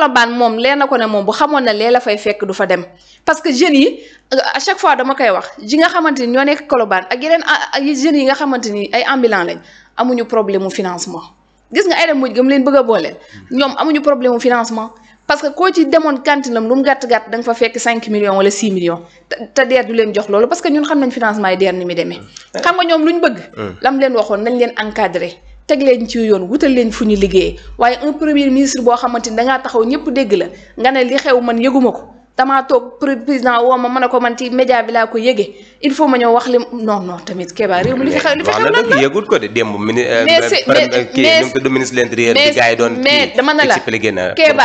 Colobane moom leen na ko ne moom bu xamoon na lee la fay fekk du fa dem parce que jeunes yi chaque fois dama koy wax ji nga xamante ni ñoo nekk Colobane ak yeneen ak yi nga xamante ni ay ambulants lañ amuñu problème mu financement gis nga ay dem mujj gëm leen bëgg a booleel ñoom amuñu problème mu financement parce que koo ci demoon cantine am lu mu gàtt gàtt da nga fa fekk 5 millions wala 6 millions te DER du leen jox loolu parce que ñun xam nañ financement yi DER ni mi demee. xam nga ñoom luñ bëgg. lam leen waxoon nañ leen encadré. teg leen ci yoon wutal leen fu ñu liggéey waaye un premier ministre boo xamante ni dangaa taxaw ñëpp dégg la nga ne li xew man yëguma ko damaa toog président woo mën a ko man ci média bi laa ko yëgee il faut ma ñëw wax li non non tamit Kéba réew mi li fi xew li fi xew lan ko de démb mini mais euh, mais mais dama na la Kéba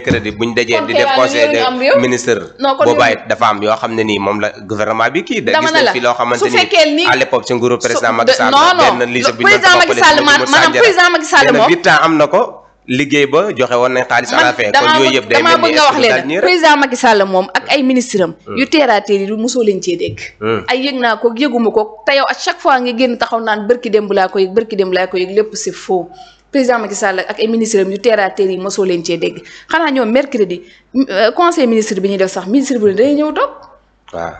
mercredi bu ñu dajee di def conseil des ministres booba it dafa am yoo xam ne nii moom la gouvernement bi kii. dama ne la su fekkee ni à l'époque ci nguuru président Macky Sall. benn président Macky moom ak ay ministre mm. yu teeraateer yi du leen cee mm. ay yëg naa ko yëguma ko te yow chaque fois nga génn taxaw naan bërki démb laa ko yëg bërki démb laa ko yëg lépp c'est faux président Macky Sall ak ay ministres yu terre à terre yi mosoo leen cee dégg xanaa ñoom mercredi euh, conseil ministre bi ñuy def sax ministre bi dañuy ñëw toog. waaw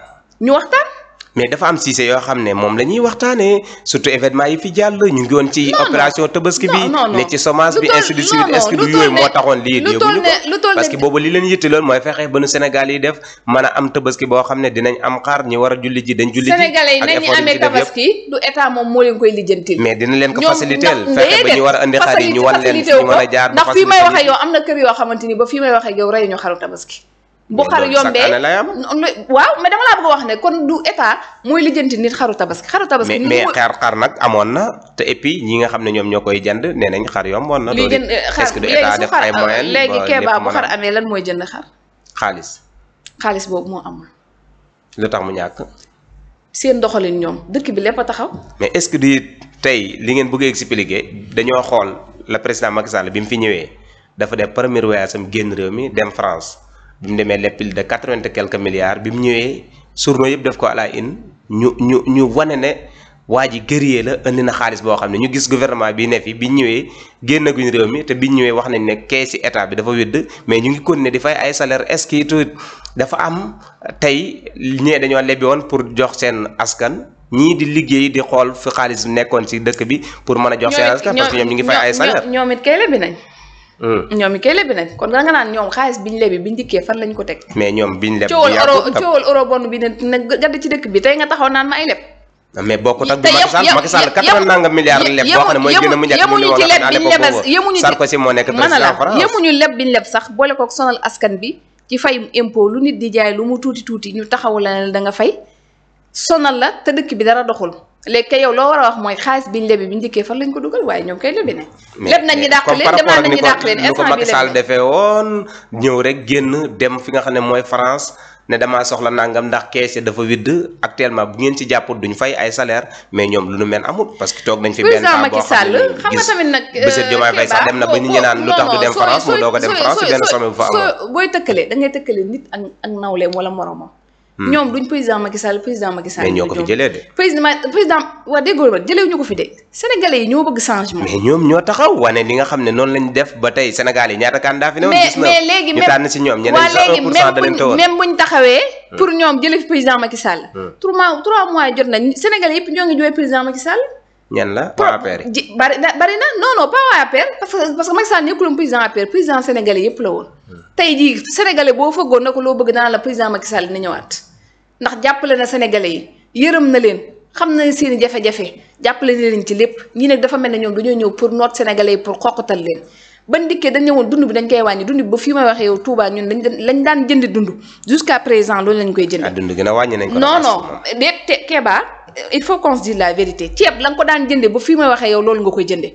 ñu waxtaan. mais dafa am Cissé yoo xam ne moom la ñuy waxtaanee surtout événement yi fi jàll ñu ngi woon ci opération tabaski bi ne ci chômage bi ainsi de suite est taxoon lii yóbbu ñu que boobu li leen yitteloon mooy fexe ba nu Sénégal yi def mën a am tabaski boo xam ne dinañ am xaar ñi war a julli ji dañ julli ji Sénégalais yi nañu amee tabaski du état moom moo leen koy lijjantil mais dina leen ko faciliter fexe ba ñu war a andi xar yi ñu wan leen a jaar ndax fii may waxe yow am na kër yoo xamante ni ba fi may waxe yow rey ñu xaru tabaski bu xar yombee waaw mais dama laa bëgg a wax ne kon du état mooy lijjanti nit xaru tabaski xaru tabaski mais xar xar nag amoon na te et ñi nga xam ne ñoom ñoo koy jënd nee nañ xar yomboon na léegi keebaa bu xar amee lan mooy jënd xar xaalis xaalis boobu moo am amul lu tax mu ñàkk seen doxalin ñoom dëkk bi lépp a taxaw mais est-ce que du tey li ngeen bëgg a expliquer dañoo xool la président Macky Sall bi mu fi ñëwee dafa def premier voyage am génn réew mi dem France bi mu demee lépp de quatre-vingt et quelques milliards bi mu ñëwee journaux yëpp def ko à la une ñu ñu ñu wane ne waa ji guerrier la indi na xaalis boo xam ne ñu gis gouvernement bi ne fi bi ñëwee génnaguñ réew mi te bi ñëwee wax nañ ne kees yi état bi dafa wédd mais ñu ngi continuer di fay ay salaire est-ce dafa am tey ñee dañoo lebi woon pour jox seen askan ñii di liggéey di xool fi xaalis nekkoon ci dëkk bi pour mën a jox seen askan parce ñoom ñu ngi fay ay salaire ñoom it kay lebi nañ Euh. ñoom i kay lebi nañ kon da naan ñoom xaalis biñ lebi biñ dikkee fan lañ ko teg. mais ñoom biñ leb. coowal euro coowal bi ne na gàdd ci dëkk bi tey nga taxaw naan ma ay leb. mais bokkut ak bu Macky Sall Macky Sall quatre nanga milliards leb boo xam ne a mu njëkk mu ñu sonal askan bi ci fay impôt lu nit di jaay lu mu tuuti tuuti ñu taxaw la da nga fay sonal la te dëkk bi dara doxul léegi kay yow loo war a wax mooy xaalis biñ lebi biñ dikkee fan lañ ko dugal waaye ñoom kay lebi ne lépp nañ ñu dàq leen demaat nañ ñu dàq leen instant bi Macky Sall defee woon ñëw rek génn dem fi nga xam ne mooy France ne damaa soxla nangam ndax kees ya dafa widd actuellement bu ngeen ci jàpput duñ fay ay salaire mais ñoom lu nu mel amul parce que toog nañ fi benn temps boo xam nga tamit nag euh, Bassirou Diomaye Faye sax dem na ba nit ñi naan lu tax du dem France mu doog a dem France benn sommet bu fa amoon booy tëkkale da ngay tëkkale nit ak ak nawleem wala moromam Hmm. ñoom duñ président Macky Sall président Macky Sall. mais ñoo ko fi jëlee de. président président waa déggoo ko fi de sénégalais yi ñoo bëgg taxaw wane li xam ne noonu lañ def ba tey Sénégal yi ñaata candidat fi ne si ñoom ñeneen sax 1 pour cent da leen tawoon même buñ taxawee. Hmm. pour ñoom jëlee fi président Macky Sall. Hmm. trois mois trois mois jot nañ sénégalais yëpp ñoo ngi jooy président Macky ñan la na non non pas waa APR parce que parce que Macky président APR président sénégalais yëpp la woon. tey jii sénégalais boo fëggoon na ko loo bëgg daan la président Macky Sall dina ndax jàppale na sénégalais yi yërëm na leen xam na seen i jafe-jafe jàppale na leen ci lépp ñii nag dafa mel ne ñoom dañoo ñëw pour noot sénégalais yi pour xoqatal leen ban dikkee da ñëwoon dund bi dañ koy wàññi dund bi ba fii may waxee yow Touba ñun dañ lañ daan jëndi dund jusqu'à présent loolu lañ koy jënd ah, dund gën a wàññi nañ ko non non déet il faut qu'on la vérité ceeb la nga ko daan jënde ba fii may waxee yow loolu nga koy jënde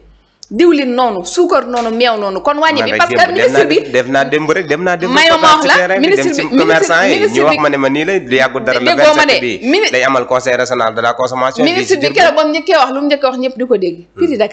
diwlin noonu suukar noonu meew noonu kon wàññi bi parce que ministre bi def naa démb rek dem naa démb mayoo ma wax la ministre bi ministre bi keroog ba mu njëkkee wax lu di ko dégg hmm. fii di la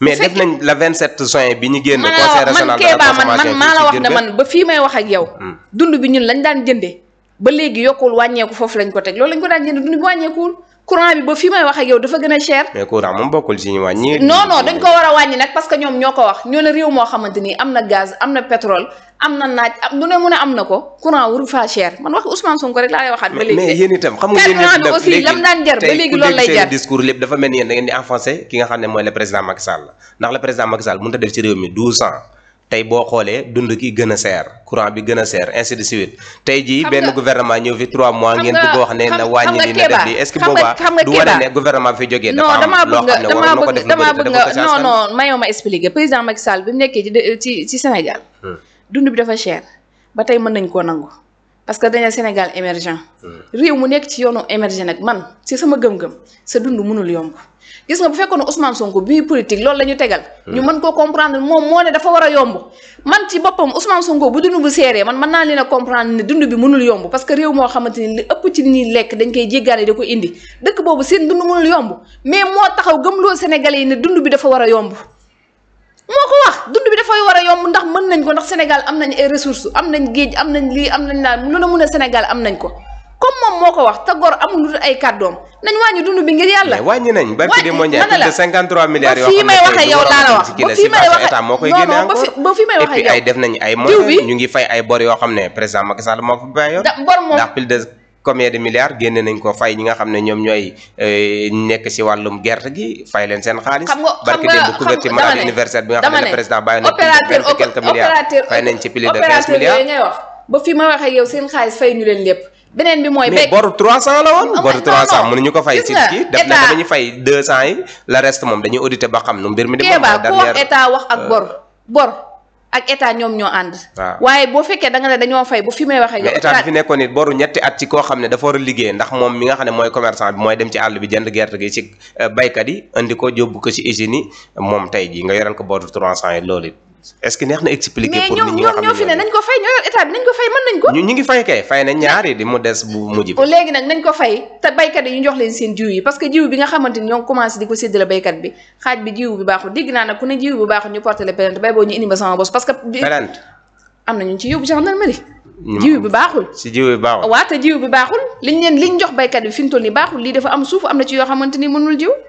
mais def nañ la 27 juin bi ñu génn conseil régional man maa la wax ne man ba fii may wax ak yow hmm. bi ñun lañ daan jëndee ba léegi yokkul wàññeeku foofu lañ ko teg loolu lañ ko daan jëndee dund bi wàññeekuwul courant bi ba fi may wax ak yow dafa gën a cher. mais courant moom bokkul si ñu wàññi. non dañ ko war a wàññi nag parce que ñoom ñoo ko wax ñoo ne réew moo xamante ni am na gaz am na pétrole am na naaj am ne mun a am na ko courant waru faa cher man wax Ousmane Sonko rek laa lay waxaat. ba léegi mais yéen jar ba léegi loolu lay jar dafa mel ni yéen ki nga xam ne mooy le président Macky Sall ndax le président Macky Sall mënut a def ci réew mi tey boo xoolee dund gi gën a seer courant bi gën a seer ainsi de suite tey jii benn gouvernement ñëw fi 3 mois ngeen bëgg wax ne na wàññi li na def li est-ce du wane ne am loo xam ne waroon ko def damaa bëgg nga non non mayoo ma expliquer président Macky Sall bi mu nekkee ci ci Sénégal hmm. dund bi dafa cher ba tey mën nañ koo nangu parce que dañu Sénégal émergent réew mu nekk ci yoonu émergent nag man si sama gëm-gëm sa dund munul yomb gis nga bu fekkoon Ousmane Sonko bi politique loolu la ñu tegal. ñu mën koo comprendre moom moo ne dafa war a yomb man ci boppam Ousmane Sonko bu dund bu seeree man mën naa leen a comprendre ne dund bi mënul yomb parce que réew moo xamante ni li ëpp ci li lekk dañ koy jéggaane da ko indi dëkk boobu seen dund mënul yomb mais moo taxaw gëmloo sénégal yi ne dund bi dafa war a yomb. moo ko wax dund bi dafay war a yomb ndax mën nañ ko ndax Sénégal am nañ ay ressources am nañ géej am nañ lii am nañ naan lu ne mun a Sénégal am nañ ko comme moom moo ko wax te gor amul lu dul ay kàddoom nañ wàññi dund bi ngir yàlla. wàññi nañ ba de mondial plus de 53 milliards yoo xam ne may waxee yow laa la wax ba fii may waxee état moo koy génne encore ba fii may waxee yow et puis ay def nañ ay moyens ñu ngi fay ay bor yoo xam ne président Macky Sall moo bor moom de combien de milliards génne nañ ko fay ñi nga xam ne ñoom ñooy eh, nekk si wàllum gerte gi fay leen seen xaalis. xam nga barki démb bi nga xam ne président bàyyi nañ ci vingt quelques milliards fay nañ ci plus ba fi ma wax ak seen xaalis fay ñu leen lépp. beneen bi mooy mais boru 300 la woon. boru 300 ñu ko fay. si kii def na ba ñu fay 200 yi. la rest moom dañuy audité ba xam nu mbir mi. di ba état wax ak euh, bor bor. ak état ñoom ñoo ànd. waaye boo fekkee da nga ne dañoo fay bu fi may waxee. mais état fi nekkoon it boru ñetti at ci koo xam ne dafa war a liggéey ndax moom mi nga xam ne mooy commerçant bi mooy dem ci àll bi jënd gerte gi ci euh, baykat yi indi ko yóbbu ko ci usine yi moom tey jii nga yoreel ko boru 300 yi loolu it. est-ce que neex na expliquer. pour nit ñi nga xam ne mais ñoom ñoo fi ne nañ ko fay ñoo yor état bi nañ ko fay mën nañ ko. ñu ñu ngi fay kay fay na ñaari di mu des bu mujj bi. léegi nag nañ ko fay te baykat yi ñu jox leen seen jiw yi parce que jiw bi nga xamante ni ñoo commencé di ko séddale baykat bi xaaj bi jiw bi baaxul dégg naa nag ku ne jiw bu baaxul ñu porté le plainte bay boo ñu indi ma sama bos parce que. plainte am na ñu ci yóbbu gendarmerie. jiw bi baaxul si jiw bi baaxul. waaw te jiw bi baaxul liñ leen liñ jox baykat bi fi mu toll nii baaxul lii dafa am suuf am na ci yoo xamante ni mënul jiw